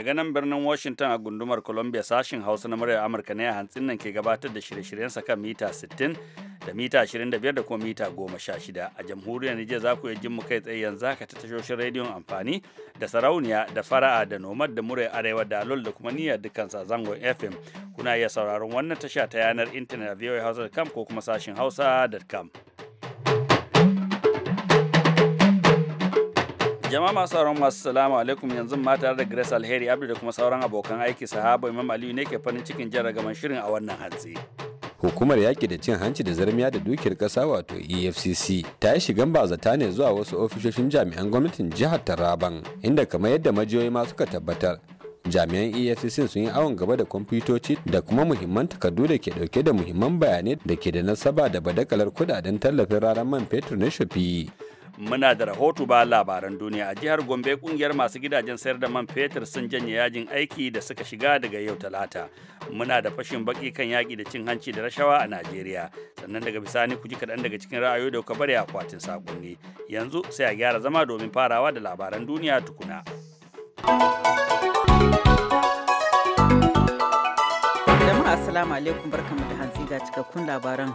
daga nan birnin Washington a gundumar Columbia sashin Hausa na muryar Amurka ne a hantsin nan ke gabatar da shirye sa kan mita 60 da mita 25 da kuma mita 16. A jamhuriyar Nijar za ku yi jin mu kai tsaye yanzu haka ta tashoshin rediyon amfani da sarauniya da fara'a da nomad da muryar arewa da alol da kuma niyyar dukkan zangon FM. Kuna iya sauraron wannan tasha ta yanar intanet a voahausa.com ko kuma sashin hausa.com. Jama'a masu sauran masu salamu alaikum yanzu ma tare da Grace Alheri abu da kuma sauran abokan aiki sahaba Imam Aliyu ne ke farin cikin jan gaban shirin a wannan hantsi. Hukumar yaƙi da cin hanci da zarmiya da dukiyar ƙasa wato EFCC ta yi shigan bazata ne zuwa wasu ofishoshin jami'an gwamnatin jihar Taraban inda kamar yadda majiyoyi ma suka tabbatar jami'an efcc sun yi awon gaba da kwamfutoci da kuma muhimman takardu da ke dauke da muhimman bayanai da ke da nasaba da badakalar kudaden tallafin ranar man fetur na shafi muna da rahoto ba labaran duniya a jihar gombe kungiyar masu gidajen sayar da man fetur sun janye yajin aiki da suka shiga daga yau talata muna da fashin baki kan yaƙi da cin hanci da rashawa a najeriya sannan daga bisani ku ji kaɗan daga cikin ra'ayoyi da kuka bari akwatin sakonni yanzu sai a gyara zama domin farawa da labaran duniya tukuna jama'a assalamu alaikum barkamu da hantsi ga cikakkun labaran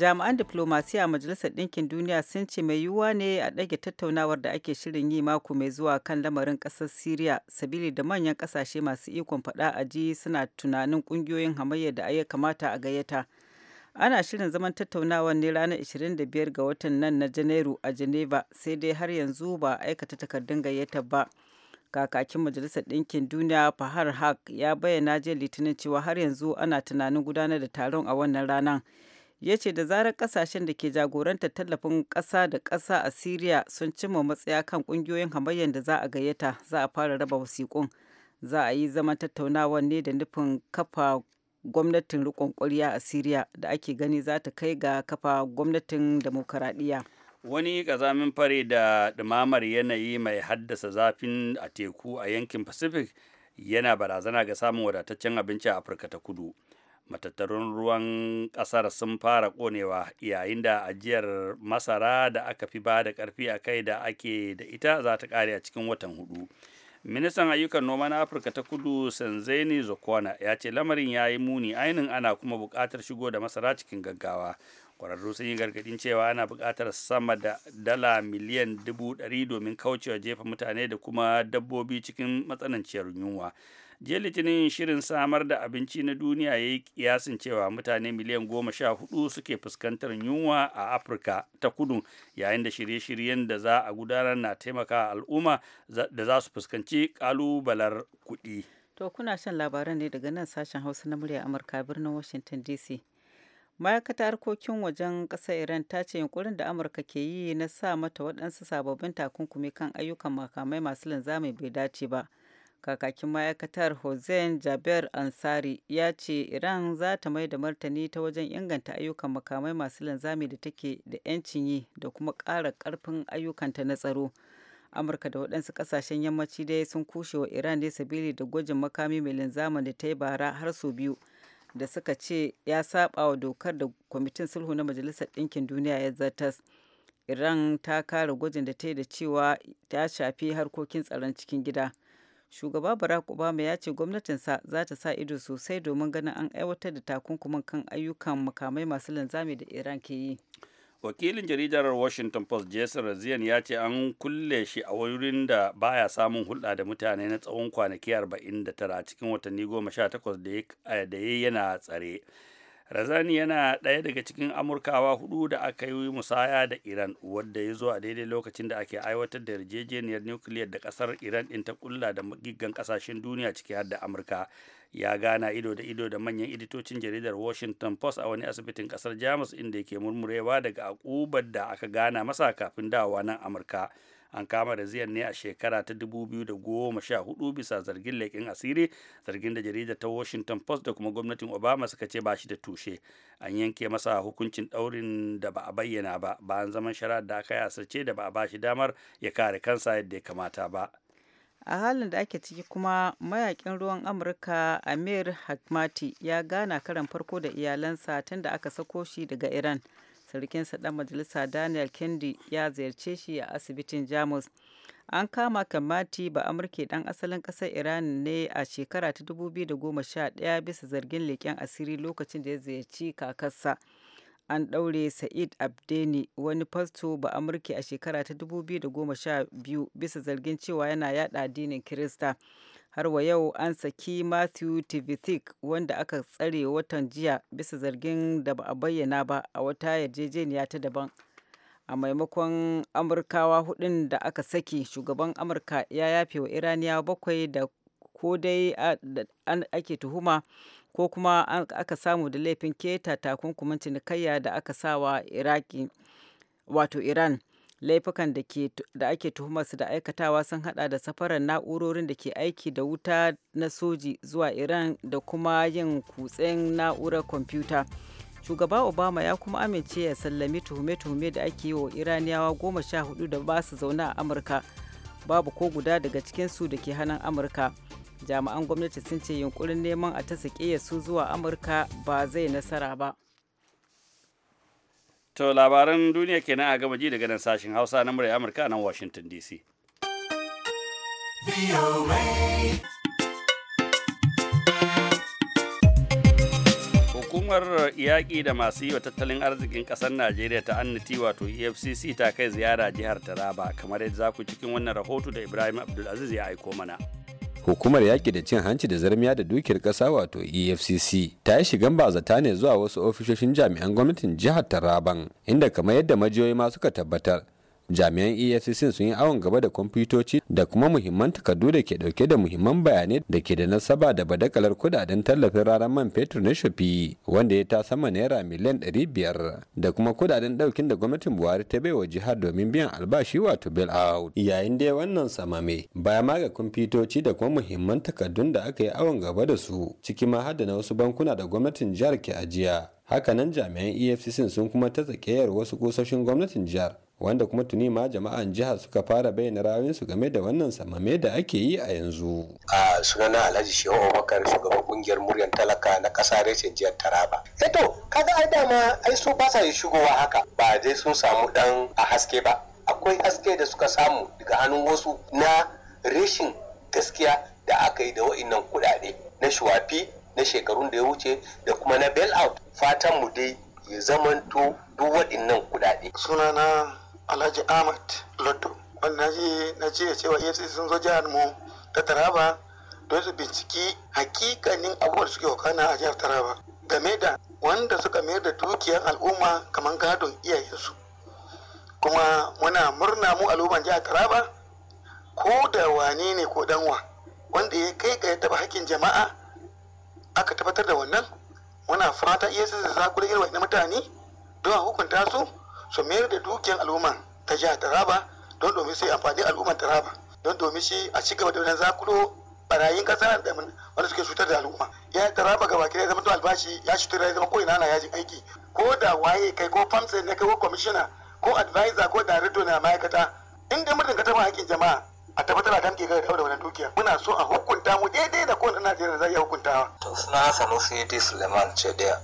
jami'an diplomasiya a majalisar ɗinkin duniya sun ce mai yiwuwa ne a ɗage tattaunawar da ake shirin yi mako mai zuwa kan lamarin ƙasar syria sabili da manyan ƙasashe masu ikon faɗa a ji suna tunanin ƙungiyoyin hamayya da ya kamata a gayyata ana shirin zaman tattaunawar ne ranar 25 ga watan nan na janairu a geneva sai dai har yanzu ba a aikata takardun gayyata ba kakakin majalisar ɗinkin duniya fahar haq ya bayyana jiya litinin cewa har yanzu ana tunanin gudanar da taron a wannan ranar ya ce da zarar kasashen da ke jagorantar tallafin ƙasa da ƙasa a Siriya sun cimma matsaya kan ƙungiyoyin hamayyar da za a gayyata za a fara raba wasiƙun. Za a yi zaman tattaunawar ne da nufin kafa gwamnatin riƙon ƙwarya a Siriya da ake gani za ta kai ga kafa gwamnatin demokaradiyya. Wani ƙazamin fare da ɗumamar yanayi mai haddasa zafin a teku a yankin Pacific yana barazana ga samun wadataccen abinci a Afirka ta kudu. matattarun ruwan ƙasar sun fara ƙonewa yayin da ajiyar masara da aka fi ba da karfi a kai da ake da ita za ta kare a cikin watan hudu ministan ayyukan noma na afirka ta kudu sanzeni zokona ya ce lamarin ya yi muni ainin ana kuma buƙatar shigo da masara cikin gaggawa kwararru sun yi gargadin cewa ana buƙatar sama da dala miliyan dubu ɗari domin kaucewa jefa mutane da kuma dabbobi cikin matsananciyar yunwa jiya litinin shirin samar da abinci na duniya ya yi kiyasin cewa mutane miliyan goma sha hudu suke fuskantar yunwa a afirka ta kudu yayin da shirye-shiryen da za a gudanar na taimaka al'umma da za su fuskanci kalubalar kudi. to kuna shan labaran ne daga nan sashen hausa na murya amurka birnin washington dc ma'aikatar harkokin wajen ƙasar iran ta ce yunkurin da amurka ke yi na sa mata waɗansu sababbin takunkumi kan ayyukan makamai masu linzami bai dace ba. kakakin ma'aikatar hossein jaber ansari ya ce iran za ta mai da martani ta wajen inganta ayyukan makamai masu linzami da take da 'yancin yi da kuma ƙara ƙarfin ayyukanta na tsaro amurka da waɗansu ƙasashen yammaci dai sun kushe wa iran ne sabili da gwajin makami mai linzamin da ta yi bara har sau biyu da suka ce ya saba wa dokar da kwamitin sulhu na majalisar ɗinkin duniya ya zartas iran ta kare gwajin da ta yi da cewa ta shafi harkokin tsaron cikin gida shugaba barack obama ya ce gwamnatinsa za ta sa ido sosai domin ganin an aiwatar da takunkuman kan ayyukan makamai masu linzami da iran ke yi wakilin jaridar washington post jason razian ya ce an kulle shi a wurin da baya samun hulɗa da mutane na tsawon kwanaki 49 cikin watanni 18 da ya yana tsare razani yana ɗaya daga cikin amurkawa hudu da aka yi musaya da iran wadda ya zo a daidai lokacin da ake aiwatar da yarjejeniyar nukiliyar da ƙasar iran ɗin ta kulla da giggan ƙasashen duniya ciki har da amurka ya gana ido da ido da manyan editocin jaridar washington post a wani asibitin ƙasar jamus inda yake murmurewa daga akubar da aka gana masa kafin dawowa nan amurka an kama da ziyan ne a shekara ta 2014 bisa zargin leƙin asiri zargin da jaridar ta washington post da kuma gwamnatin obama suka ce ba shi da tushe an yanke masa hukuncin ɗaurin da ba a bayyana ba bayan zaman shari'ar da aka yi yasarce da ba a ba shi damar ya kare kansa yadda ya kamata ba a halin da ake ciki kuma mayakin ruwan amurka amir hakmati ya gana karan farko da iyalansa tun da aka sako shi daga iran sarkinsa dan majalisa daniel kendi ya ziyarce shi a asibitin jamus an kama kamati ba amurke dan asalin kasar iran ne a shekara ta 2011 bisa zargin leken asiri lokacin da ya ziyarci kakarsa an ɗaure sa'id abdeni wani fasto ba amurke a shekara ta 2012 bisa zargin cewa yana yada addinin kirista har wa yau an saki matthew tivithick wanda aka tsare watan jiya bisa zargin da ba a bayyana ba a wata yarjejeniya ta daban a maimakon amurkawa hudun da aka saki shugaban amurka ya yafe wa iraniya bakwai da ko dai ake tuhuma ko kuma aka samu da laifin keta takunkumin cinikayya da aka sawa iraki wato iran laifukan da ake tuhumarsu da aikatawa sun hada da safarar na'urorin da ke aiki da wuta na soji zuwa iran da kuma yin kutsen na'urar kwamfuta shugaba obama ya kuma amince ya sallami tuhume-tuhume da ake yi wa iraniyawa goma sha hudu da ba su zauna a amurka babu ko guda daga cikinsu da ke hannun amurka jami'an gwamnati sun ce yunkurin neman a ta su zuwa amurka ba zai nasara ba To labaran duniya kenan a gama ji daga nan sashen Hausa na murya Amurka nan Washington DC. Hukumar yaƙi da masu yi wa tattalin arzikin ƙasar Najeriya ta annati wato EFCC ta kai ziyara jihar Taraba kamar yadda za ku cikin wannan rahoto da Ibrahim Abdulaziz ya aiko mana. hukumar yaƙi da cin hanci da zarmiya da dukiyar ƙasa wato efcc ta yi shigan bazata ne zuwa wasu ofishoshin jami'an gwamnatin jihar taraban inda kamar yadda majiyoyi ma suka tabbatar jami'an efcc sun yi awon gaba da kwamfutoci da kuma muhimman takardu da ke dauke da muhimman bayanai da ke da nasaba da badakalar kudaden tallafin ranar man fetur na shafi wanda ya ta sama naira miliyan 500 da kuma kudaden daukin da gwamnatin buhari ta baiwa jihar domin biyan albashi wato bail out yayin dai wannan samame baya ma ga kwamfutoci da kuma muhimman takardun da aka yi awon gaba da su ciki ma har da na wasu bankuna da gwamnatin jihar ke ajiya hakanan jami'an efcc sun kuma ta tsakiyar wasu kusoshin gwamnatin jihar wanda kuma tuni ma jama'an jihar suka fara bayyana ra'ayoyinsu game da wannan samame da ake yi a yanzu. a sunana alhaji shehu abubakar shugaban kungiyar muryar talaka na kasa reshen jihar taraba eto eh kaga ai dama ai su ba sa shigowa haka ba dai sun samu dan a haske ba akwai haske da suka samu daga hannun wasu na reshin gaskiya da aka yi da wa'innan kuɗaɗe na shuwafi na shekarun da ya wuce da kuma na bailout fatan mu dai ya zamanto duk waɗannan kuɗaɗe sunana alhaji ahmad lotto wanda na ce cewa efcc sun zo jihar mu ta taraba don su binciki hakikanin abubuwan suke wakana a jihar taraba game da wanda suka mayar da dukiyar al'umma kamar gadon iyayensu kuma muna murna mu al'umman jihar taraba ko da wane ne ko danwa wanda ya kai ga ya taba hakkin jama'a aka tabbatar da wannan muna fata iya za ku da irin mutane don a hukunta su su mayar da dukiyar al'umman ta jihar taraba don domin su yi amfani al'umman taraba don domin shi a ci gaba da wannan zakulo barayin kasa da wanda suke cutar da al'umma ya taraba gaba ya zama to albashi ya cutar da zama ko ina na yajin aiki ko da waye kai ko famsa ne kai ko kwamishina ko advisor ko director na ma'aikata in dai mutum ka taba hakkin jama'a a tabbatar da ke ga da wannan dukiya muna so a hukunta mu daidai da kowane Najeriya zai iya hukuntawa to suna Sanusi Suleiman Chediya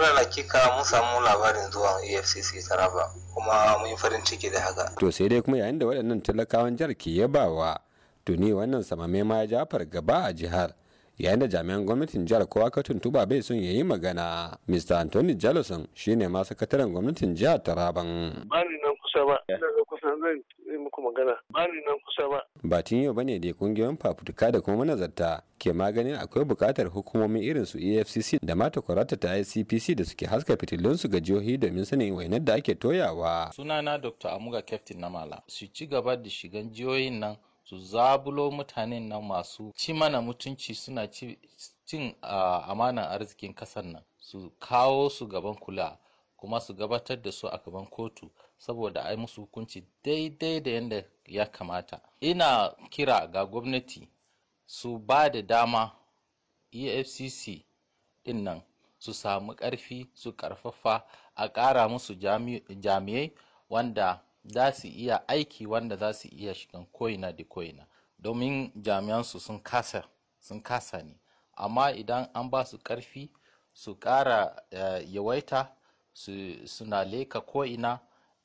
na eh, kika mun samu labarin zuwa efcc taraba kuma mun farin ciki da haka to sai dai kuma yayin da waɗannan talakawan jihar ke yabawa to ne wannan samame ma ya ja fargaba a jihar yayin da jami'an gwamnatin jihar kowa ka tuntuba bai son yayi magana mr anthony jallison shine ma sakataren gwamnatin jihar taraban bani nan kusa ba daga kusan zan yi muku magana bani nan kusa ba ba yau bane da kungiyoyin fafutuka da kuma manazarta ke maganin akwai bukatar hukumomin irin su efcc da mata kwarata ta icpc da suke haska fitilun su ga jihohi domin sanin wainar da ake toyawa sunana dr amuga captain namala su ci gaba da shigan jihohin nan su zabulo mutanen nan masu ci mana mutunci suna cin amanan arzikin kasar nan su kawo su gaban kula kuma su gabatar da su a gaban kotu saboda ai musu hukunci daidai da yadda ya kamata ina kira ga gwamnati su ba da dama efcc din nan su samu ƙarfi su ƙarfafa a ƙara musu jami'ai wanda za su iya aiki wanda za su iya shigan koina da koina domin jami'ansu sun kasa sun kasa ne amma idan an ba su karfi su kara eh, yawaita suna leka ko'ina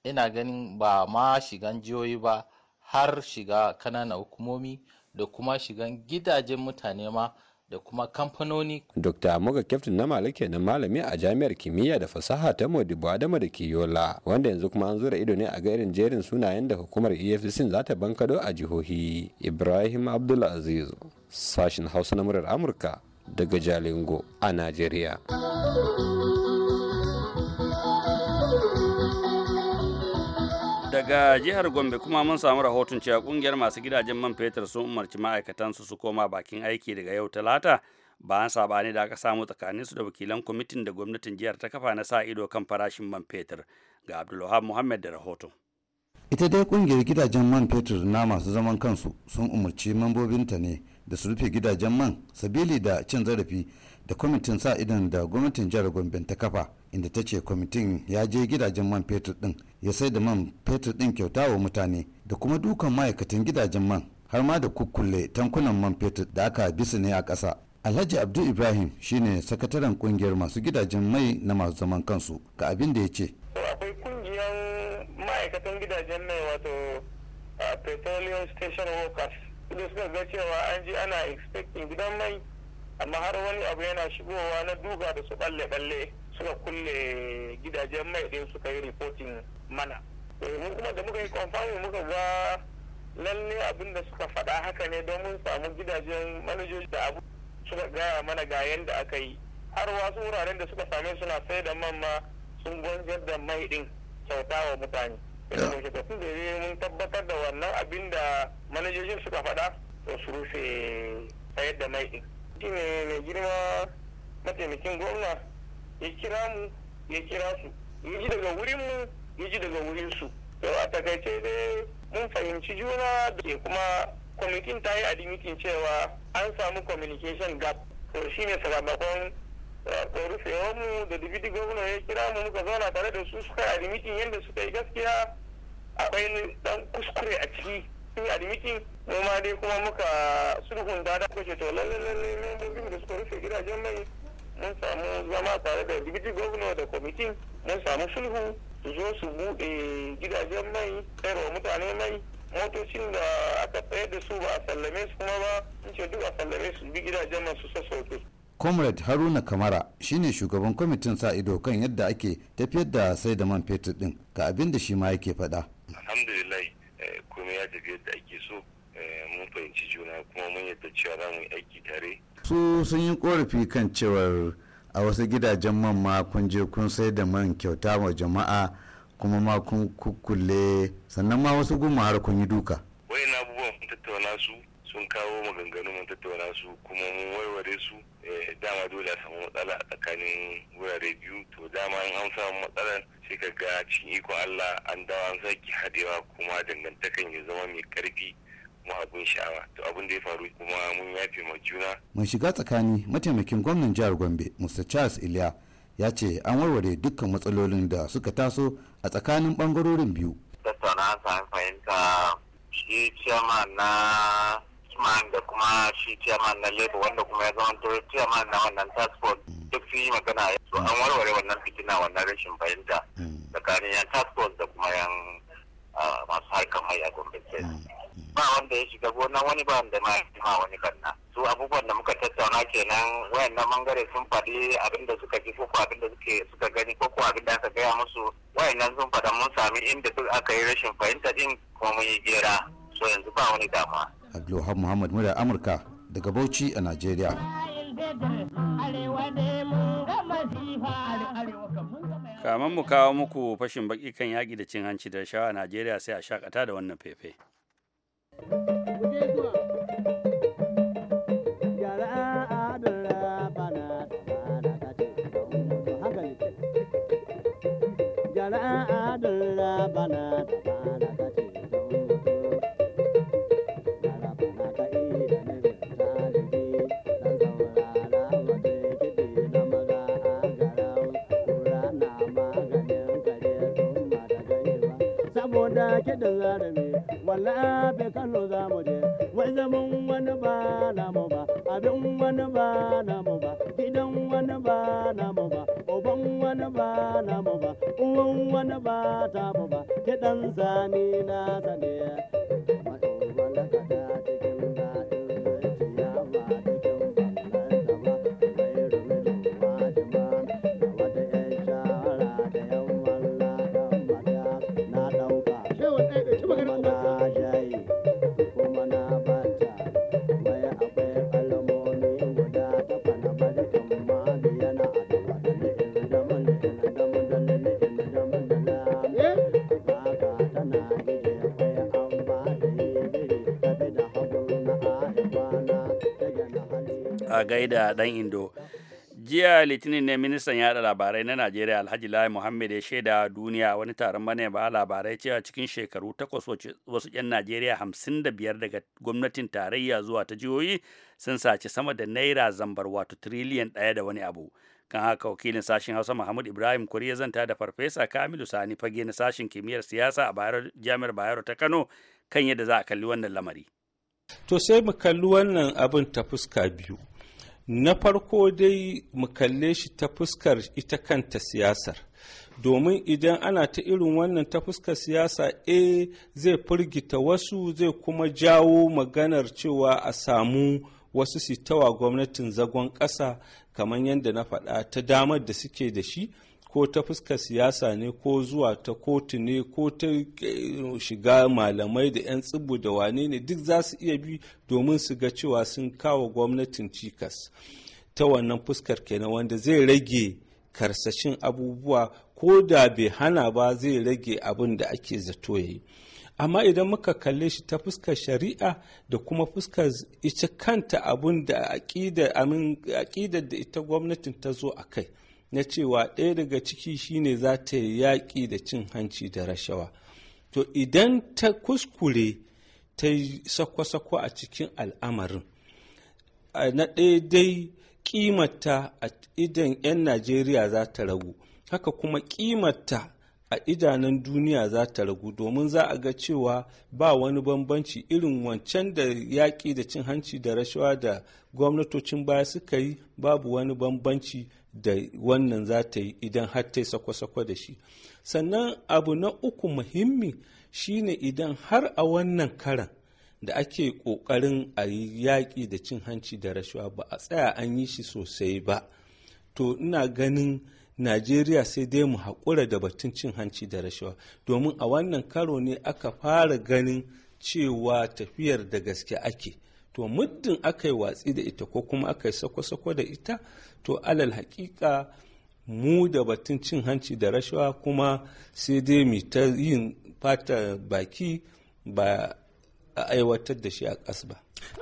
ina ganin ba ma shigan jihohi ba har shiga kananan hukumomi da kuma shigan gidajen mutane ma da kuma kamfanoni. Dr. Muga Kyaftin na Mali na malami a jami'ar kimiyya da fasaha ta Modibo Adama da Kiyola wanda yanzu kuma an zura ido ne a ga irin jerin sunayen da hukumar EFCC za ta bankado a jihohi. Ibrahim Abdulaziz sashin Hausa na murar Amurka daga Jalingo a Najeriya. daga jihar gombe kuma mun samu rahoton cewa kungiyar masu gidajen man fetur sun umarci ma'aikatansu su koma bakin aiki daga yau talata bayan sabani da aka samu tsakanin su da wakilan kwamitin da gwamnatin jihar ta kafa na sa ido kan farashin man fetur ga abdulwahab muhammad da rahoton ita dai kungiyar gidajen man fetur na masu zaman kansu sun umarci mambobinta ne da su rufe gidajen man sabili da cin zarafi da kwamitin sa idan da gwamnatin jihar gombe ta kafa inda ta ce kwamitin ya je gidajen man fetur din ya sai da man fetur din kyauta wa mutane da kuma dukan ma'aikatan gidajen man har ma da kukkulle tankunan man fetur da aka su ne a ƙasa alhaji abdu ibrahim shine sakataren kungiyar masu gidajen mai na masu zaman kansu ga abin da ya ce akwai kungiyar ma'aikatan gidajen mai wato petroleum station workers da suka ga cewa an ji ana expecting gidan mai amma har wani abu yana shigowa na duba da su balle-balle suka kulle gidajen mai din suka yi reportin mana eh, mu kuma da muka yi kwamfani muka ga lalle abin da suka faɗa haka ne don mun samu gidajen manajoji da abu suka gaya mana ga yadda aka yi har wasu wuraren da suka same suna sai da man ma sun gwanjar da mai ɗin kyauta wa mutane tun da mun tabbatar da wannan abin da manajojin suka faɗa to su rufe sayar da mai ɗin ne mai girma mataimakin gwamna ya kira mu ya kira su ya ji daga wurin mu ya ji daga wurin su to a takaice dai mun fahimci juna da kuma kwamitin ta yi admitin cewa an samu communication gap to ne sakamakon eh, ko mu da dividi gwamna ya kira mu muka zauna tare da su suka admitin yadda suka yi gaskiya akwai dan kuskure a ciki sun admitin mu ma dai kuma muka sulhun da da kuce to lalle lalle membobin da suka rufe gidajen mai mun samu zama tare da dibiti gwamna da kwamitin mun samu sulhu su zo su buɗe gidajen mai tsayarwa mutane mai motocin da aka tsayar da su ba a sallame su kuma ba in ce duk a sallame su bi gidajen mai su sassauke. comrade haruna kamara shine shugaban kwamitin sa ido kan yadda ake tafiyar da sai da man fetur din ga abin da shi ma yake faɗa. alhamdulillah kuma ya tafi yadda ake so eh, mun fahimci juna kuma mun yadda cewa za mu yi aiki tare. su sun yi korafi kan cewar a wasu gidajen man ma kun je kun sai da man kyauta wa jama'a kuma ma kun kukkule sannan ma wasu gumma har kun yi duka. wai na abubuwan tattauna su sun kawo maganganu mun tattauna su kuma mun warware su eh, dama dole a samu matsala a tsakanin wurare biyu to dama in an samu matsalar sai ka ga cikin iko Allah an dawo an sake hadewa kuma dangantakan ya zama mai karfi kuma abun sha'awa to abin da ya faru kuma mun yafe ma juna. mai shiga tsakani mataimakin gwamnan jihar gombe mr charles iliya ya ce an warware dukkan matsalolin da suka taso a tsakanin bangarorin biyu. tattauna an fahimta shi ciyama na Usman da kuma shi chairman na Labour wanda kuma ya zama chairman na wannan task force duk sun yi magana yanzu an warware wannan fitina wannan rashin fahimta tsakanin yan task force da kuma yan masu harkar mai a Gombe ba wanda ya shiga gona wani ba wanda ma ya wani kanna su abubuwan da muka tattauna kenan wayannan mangare sun faɗi abin da suka ji ko abin da suka gani ko abin da aka gaya musu wayannan sun faɗa mun sami inda duk aka yi rashin fahimta din kuma mun yi gera to yanzu ba wani damuwa Abdulwahab Muhammad murya Amurka daga Bauchi a Najeriya kamar mu kawo muku fashin baki kan yaƙi da cin hanci da rashawa a Najeriya sai a shakata da wannan fefe. Jara'a adun rabana, jarumi wallahi kano za mu je wai zaman wani ba namu ba abin wani ba namu ba gidan wani ba namu ba uban wani ba namu ba uwan wani ba tamu ba kiɗan sani na sane a gaida dan indo jiya litinin ne ministan yada labarai na najeriya alhaji lai muhammed ya shaida duniya wani taron manema labarai cewa cikin shekaru takwas wasu 'yan najeriya hamsin da biyar daga gwamnatin tarayya zuwa ta jihohi sun saci sama da naira zambar wato tiriliyan ɗaya da wani abu kan haka wakilin sashen hausa muhammad ibrahim kuri ya zanta da farfesa kamilu sani fage na sashen kimiyyar siyasa a jami'ar bayero ta kano kan yadda za a kalli wannan lamari to sai mu kalli wannan abin ta fuska biyu na farko dai mu kalle shi ta fuskar ita kanta siyasar domin idan ana ta irin wannan ta fuskar siyasa e zai firgita wasu zai kuma jawo maganar cewa a samu wasu sitawa gwamnatin zagon ƙasa kamar yadda na faɗa ta damar da suke da shi ko ta fuskar siyasa ne ko zuwa ta kotu ne ko ta eh, shiga malamai da 'yan tsibu da wane ne duk za su iya bi domin su ga cewa sun kawo gwamnatin cikas ta wannan fuskar kenan wanda zai rage karsashin abubuwa ko da bai hana ba zai rage abin da ake zato ya yi amma idan muka kalle shi ta fuskar shari'a da kuma fuskar ita kanta abin da aƙidar da ita gwamnatin ta zo a kai na cewa ɗaya daga ciki shine za ta yi yaƙi da cin hanci da rashawa to idan ta kuskure ta yi sako-sako a cikin al'amarin na ɗaya dai ƙimata a idan 'yan najeriya za ta ragu haka kuma ƙimata a idanun duniya za ta ragu domin za a ga cewa ba wani bambanci irin wancan da yaƙi da cin hanci da rashawa da gwamnatocin baya suka yi babu wani bambanci da wannan za ta yi idan har ta yi sako-sako da shi sannan abu na uku muhimmi shine idan har a wannan karan da ake ƙoƙarin a yi yaƙi da cin hanci da rashawa ba a tsaya an yi shi sosai ba to ina ganin najeriya sai dai mu haƙura da batun cin hanci da rashawa domin a wannan karo ne aka fara ganin cewa tafiyar da gaske ake to muddin aka yi watsi da ita ko kuma aka yi sako-sako da ita to alal haƙiƙa mu da batun cin hanci da rashawa kuma sai dai mu ta yin fata baki ba a aiwatar da shi a ƙas ba.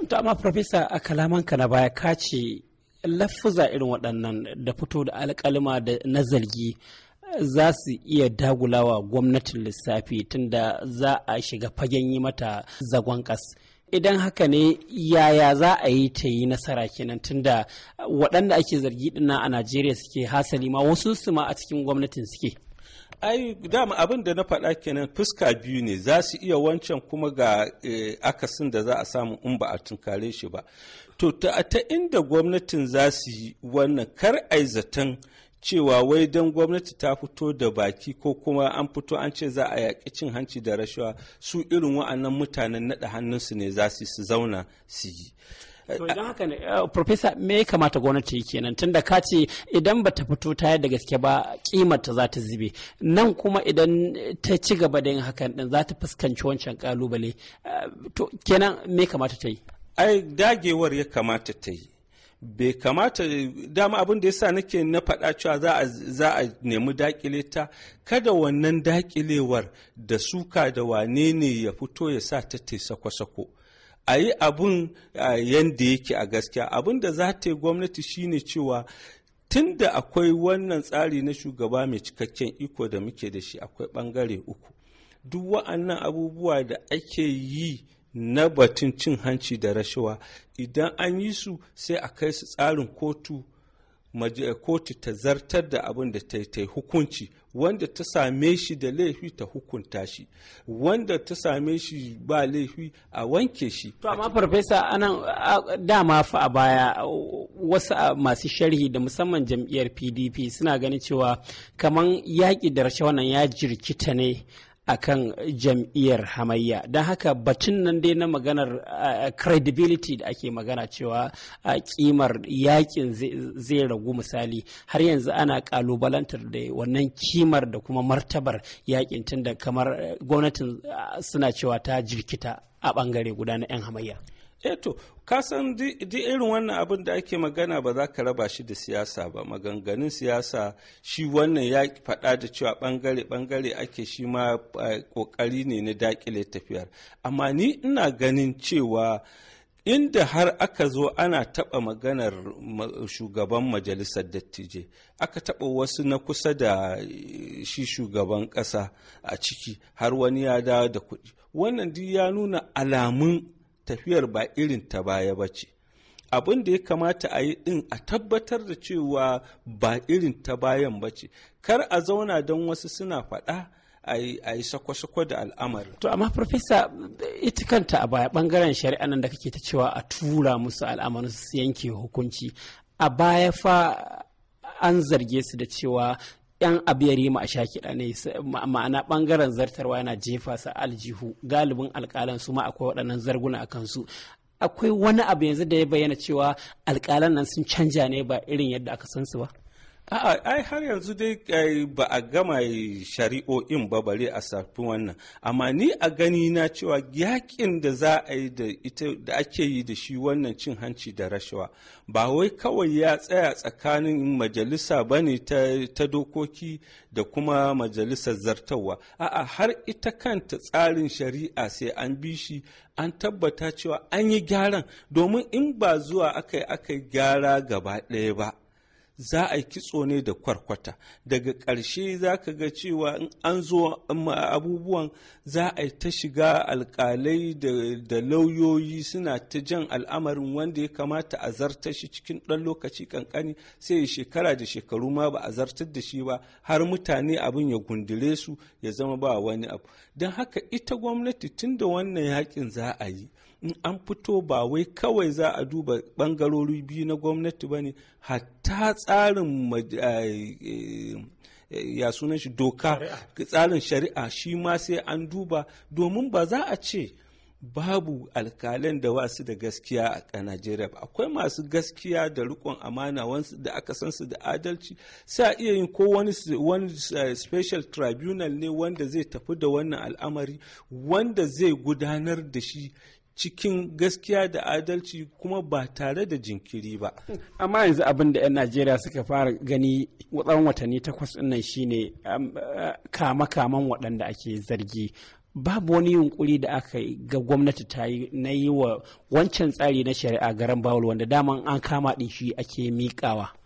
ta ma farfesa a kalamanka na baya ka ce laffuza irin waɗannan da fito da alƙalma da na zargi eh, za su iya dagulawa gwamnatin lissafi tunda za a shiga fagen yi mata zagon ƙas idan haka ne yaya za a yi ta yi nasara kenan tunda eh, waɗanda ake zargi dinna a najeriya suke hasali ma wasu su ma a cikin gwamnatin suke ai dama abin da na faɗa kenan fuska biyu ne za su iya wancan kuma ga eh, akasin da za a samu in ba a tunkare shi ba to ta ta inda gwamnatin za su yi wannan kar aizatan zaton cewa wai don gwamnati ta fito da baki ko kuma an fito an ce za a yaƙi cin hanci da rashawa su irin wa'annan mutanen naɗa hannunsu ne za su su zauna su yi to idan haka ne eh, profesa me ya kamata gwamnati yi kenan tunda ka ce idan ba ta fito ta da gaske ba kimar ta za ta zube nan kuma idan ta ci gaba da yin hakan din za ta fuskanci wancan kalubale eh, to kenan me kamata ta yi ai dagewar ya kamata ta yi bai kamata dama abin da yasa nake na faɗa cewa za a nemi dakile ta kada wannan dakilewar da suka da wane ne ya fito ya sa ta te sako-sako a yi abin yadda yake a gaskiya abin da za ta yi gwamnati shine cewa tun da akwai wannan tsari na shugaba mai cikakken iko da muke da shi akwai bangare uku duk wa'annan abubuwa da ake yi na batun cin hanci da rashawa idan an yi su sai a kai su tsarin kotu kotu ta zartar da abin da ta yi hukunci wanda ta same shi da laifi ta hukunta shi wanda ta same shi ba laifi a wanke shi to amma farfesa anan dama fa a baya wasu masu sharhi da musamman jam'iyyar pdp suna ganin cewa kaman yaƙi da rashe wannan ya jirkita ne a kan jam'iyyar hamayya don haka batun nan dai na maganar eh, credibility da ake magana cewa a eh, kimar yakin zai ragu misali har yanzu ana kalubalantar da wannan kimar da kuma martabar yakin tun da kamar eh, gwamnatin suna cewa ta jirkita a bangare guda na 'yan hamayya eto eh ka san duk irin wannan abin da ake magana ba za ka raba shi da siyasa ba maganganun siyasa shi wannan ya faɗa da cewa bangare bangare ake shi ma ƙoƙari ne na dakile tafiyar amma ni ina ganin cewa inda har aka zo ana taɓa maganar shugaban majalisar dattijai aka taɓa wasu na kusa da eh, shi shugaban ƙasa a ciki har wani ya dawo da kuɗi wannan duk ya nuna alamun tafiyar ba irin ta baya ba ce abin da ya kamata a yi din a tabbatar da cewa ba irin ta bayan ba ce kar a zauna don wasu suna faɗa a yi sako-sako da al'amari. To amma farfesa ita kanta a baya bangaren shari'a nan da kake ta cewa a tura musu al'amarin su yanke hukunci a baya fa an zarge su da cewa yan abu ya ma a sha kiɗa ne ma'ana ɓangaren zartarwa yana jefa sa aljihu galibin alƙalan su ma akwai waɗannan zarguna a kansu akwai wani abu yanzu da ya bayyana cewa alƙalan nan sun canja ne ba irin yadda aka san su ba A'a, ai har yanzu dai ba a gama shari'o'in ba bare a safin wannan. Amma ni a gani na cewa yakin da za a yi da ita da ake yi da shi wannan cin hanci da rashawa ba wai kawai ya tsaya tsakanin majalisa ba ne ta, dokoki da kuma majalisar zartawa. A'a har ita kanta tsarin shari'a sai an bi shi an tabbata cewa an yi gyaran domin in ba zuwa aka yi aka yi gyara gaba ɗaya ba. za a kitso ne da kwarkwata daga ƙarshe za ka ga cewa in an zo abubuwan za a ta shiga alƙalai da lauyoyi suna ta jan al'amarin wanda ya kamata a zartar shi cikin ɗan lokaci ƙanƙani sai shekara da shekaru ma ba a zartar da shi ba har mutane abin ya gundure su ya zama ba wani abu don haka ita gwamnati tun da wannan yakin za a yi in an fito ba wai kawai za a duba bangarori biyu na gwamnati ba ne hatta tsarin eh, eh, eh, ya sunan shi doka tsarin shari'a shi ma sai an duba domin ba za a ce babu alkalan da wasu da gaskiya a Najeriya ba akwai masu gaskiya da rikon amana wansu da aka san su da adalci sai a iya yin ko wani, special tribunal ne wanda zai tafi da wannan al'amari wanda zai gudanar da shi cikin gaskiya da adalci kuma ba tare da jinkiri ba. Amma yanzu abin da 'yan Najeriya suka fara gani tsawon watanni takwas nan shine um, uh, kama-kaman waɗanda ake zargi. Babu wani yunkuri da aka yi ga gwamnati ta yi na yi wa wancan tsari na shari'a garan bawul wanda daman an kama ɗin shi ake miƙawa.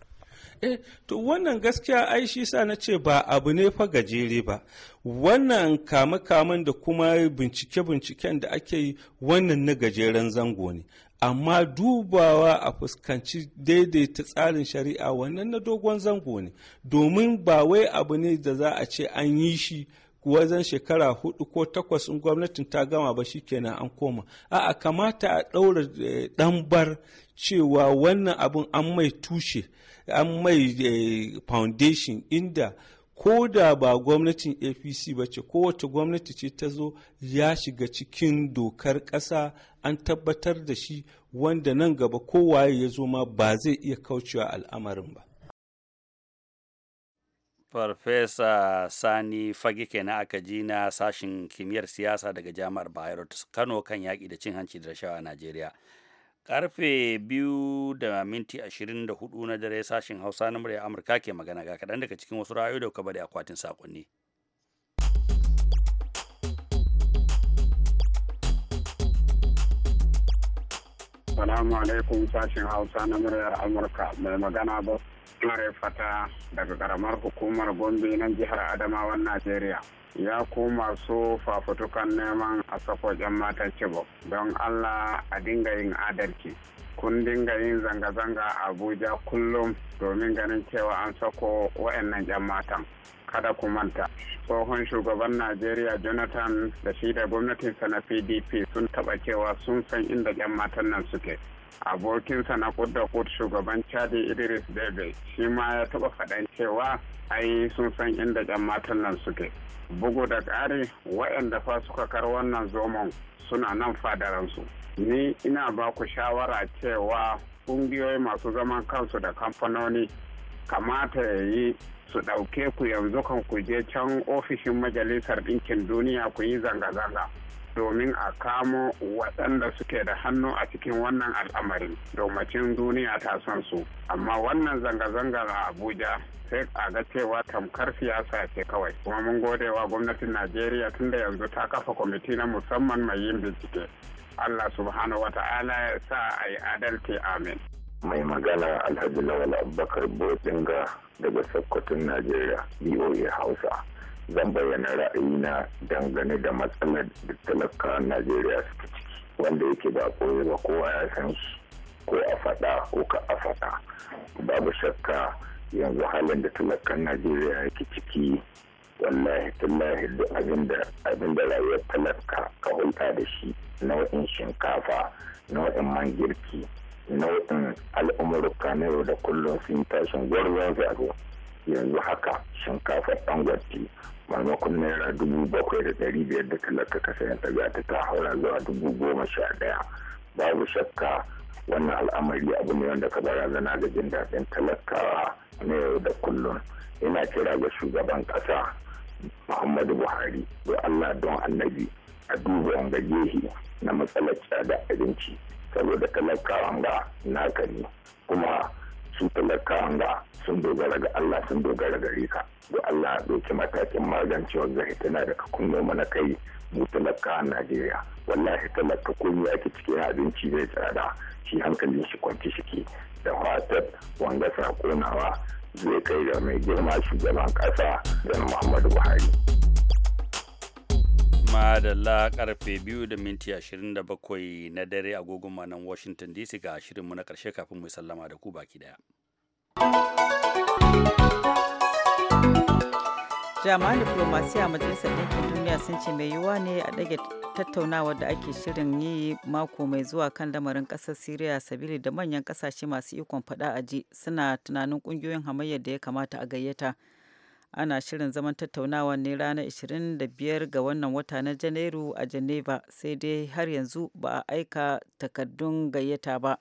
eh to wannan gaskiya ai shi sa na ce ba abu ne fa gajere ba wannan kame-kamen da kuma bincike-binciken da ake yi wannan na gajeren zango ne amma dubawa a fuskanci daidaita tsarin shari'a wannan na dogon zango ne domin ba wai abu ne da za a ce an yi shi wajen shekara hudu ko takwas in gwamnatin ta gama ba shi kenan an koma a'a kamata a ɗaura eh, ɗanbar cewa wannan abin an mai tushe an mai eh, foundation inda ko da ba gwamnatin apc ba ce kowace gwamnati ce ta zo ya shiga cikin dokar ƙasa an tabbatar da shi wanda nan gaba kowaye ya zo ma ba zai iya kaucewa al'amarin ba farfesa sani fage kenan aka ji na sashen kimiyyar siyasa daga jami'ar bayero kano kan yaƙi da cin hanci da rashawa a najeriya karfe biyu da minti ashirin da hudu na dare sashen hausa na murya amurka ke magana ga kaɗan daga cikin wasu ra'ayoyi da kuka da akwatin saƙonni. Salamu alaikum sashen hausa na muryar amurka mai magana ba mare fata daga karamar hukumar gombe na jihar adamawan najeriya ya koma su fafutukan neman a sako yan matan cibok don allah a dinga yin adalci kun dinga yin zanga-zanga a abuja kullum domin ganin cewa an sako wa'annan yan matan kada ku manta tsohon shugaban najeriya jonathan da shi da gwamnatinsa na pdp sun taɓa cewa sun san inda yan matan nan suke abokinsa na kudda kut shugaban chadi idris debe shi ma ya taba faɗan cewa ai sun san inda yan matan nan suke bugu da ƙari waɗanda fa suka kar wannan zomon suna nan fadaransu ni ina ba ku shawara cewa ƙungiyoyi masu zaman kansu da kamfanoni kamata ya yi su ɗauke ku yanzu kan ku je can ofishin majalisar ɗinkin duniya ku yi zanga-zanga domin a kamo waɗanda suke da hannu a cikin wannan al'amarin domacin duniya ta son su amma wannan zanga zanga a abuja sai a ga cewa tamkar siyasa ce kawai kuma mun gode wa gwamnatin najeriya tunda yanzu ta kafa kwamiti na musamman mai yin bincike allah subhanahu wa ta'ala ya sa a yi adalci amin mai magana alhaji lawal abubakar botinga daga sokoton najeriya boa hausa zan bayyana ra'ayina dangane da matsalar da talakawan najeriya suke ciki wanda yake ba koyi ba kowa ya san shi ko a faɗa ko ka a faɗa babu shakka yanzu halin da talakan najeriya yake ciki wallahi tallahi da abin da rayuwar talaka ka hulɗa da shi nau'in shinkafa nau'in man girki nau'in al'umurka na yau da kullum sun tashin gwarzon zago yanzu haka shinkafa ɗan maimakon naira dubu bakwai da dari biyar da talaka ka sayan ta ta ta haura zuwa dubu goma sha ɗaya babu shakka wannan al'amari abu ne wanda ka barazana ga jin daɗin talakawa na yau da kullum ina kira ga shugaban ƙasa muhammadu buhari da allah don annabi a duba wanga gehe na matsalar da abinci saboda talakawan ga naka ne kuma su talakawan wanda sun dogara ga Allah sun dogara gare ka da Allah ɗauki matakin magance wanda tana da daga kunno mana kai mu talakawan Najeriya wallahi talaka komai ake cikin abinci zai tsada shi hankalin shi kwanci shike da fatar wanga nawa zai kai da mai girma shugaban kasa da Muhammadu Buhari. madalla karfe biyu da minti 27 na dare agogon manan washington dc ga mu na karshe kafin mu sallama da ku baki daya jami'an diplomasiya a majalisar ɗinkin duniya sun ce mai yiwuwa ne a dage tattaunawa da ake shirin yi mako mai zuwa kan lamarin ƙasar siriya sabili da manyan kasashe masu ikon faɗa a ji suna tunanin ƙungiyoyin hamayyar da ya kamata a gayyata ana shirin zaman tattaunawa ne ranar 25 ga wannan wata na janairu a geneva sai dai har yanzu ba a aika takardun gayyata ba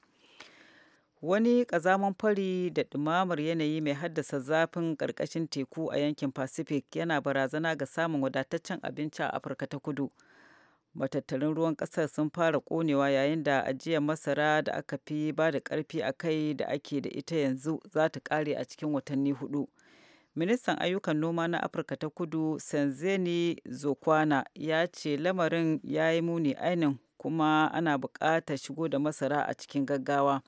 wani kazaman fari da ɗumamar yanayi mai haddasa zafin ƙarƙashin teku a yankin pacific yana barazana ga samun wadataccen abinci a afirka ta kudu matattarin ruwan ƙasar sun fara ƙonewa yayin da ajiyar masara da aka fi ba da ƙarfi a kai da ake da ita yanzu za ta ƙare a cikin watanni hudu ministan ayyukan noma na afirka ta kudu sanzeni zokwana ya ce lamarin ya yi muni ainin kuma ana buƙatar shigo da masara a cikin gaggawa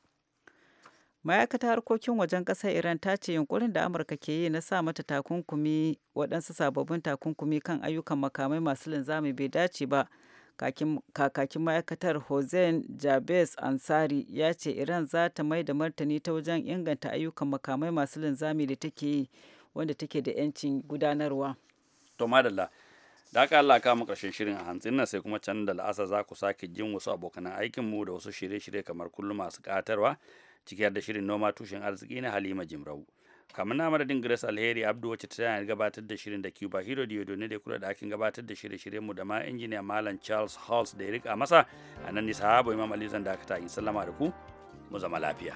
ma'aikata harkokin wajen ƙasar iran ta ce yunkurin da amurka ke yi na sa mata takunkumi waɗansu sababbin takunkumi kan ayyukan makamai masu linzami bai dace ba kakakin ma'aikatar hossein jabez ansari ya ce iran za ta mai da martani ta wajen inganta ayyukan makamai masu linzami da take yi wanda take da 'yancin gudanarwa. To madalla, da haka Allah kama karshen shirin a hantsin nan sai kuma can da la'asa za ku sake jin wasu abokan aikinmu da wasu shirye-shirye kamar kullum masu katarwa ciki da shirin noma tushen arziki na Halima Jimrau. kamar na madadin Grace Alheri Abdu wacce ta gabatar da shirin da Cuba Hero Diodo ne da kula da akin gabatar da shirye-shiryen mu da ma injiniya Malam Charles Halls da ya rika masa a nan ne sahabo Imam Ali Zan da aka yi sallama da ku mu zama lafiya.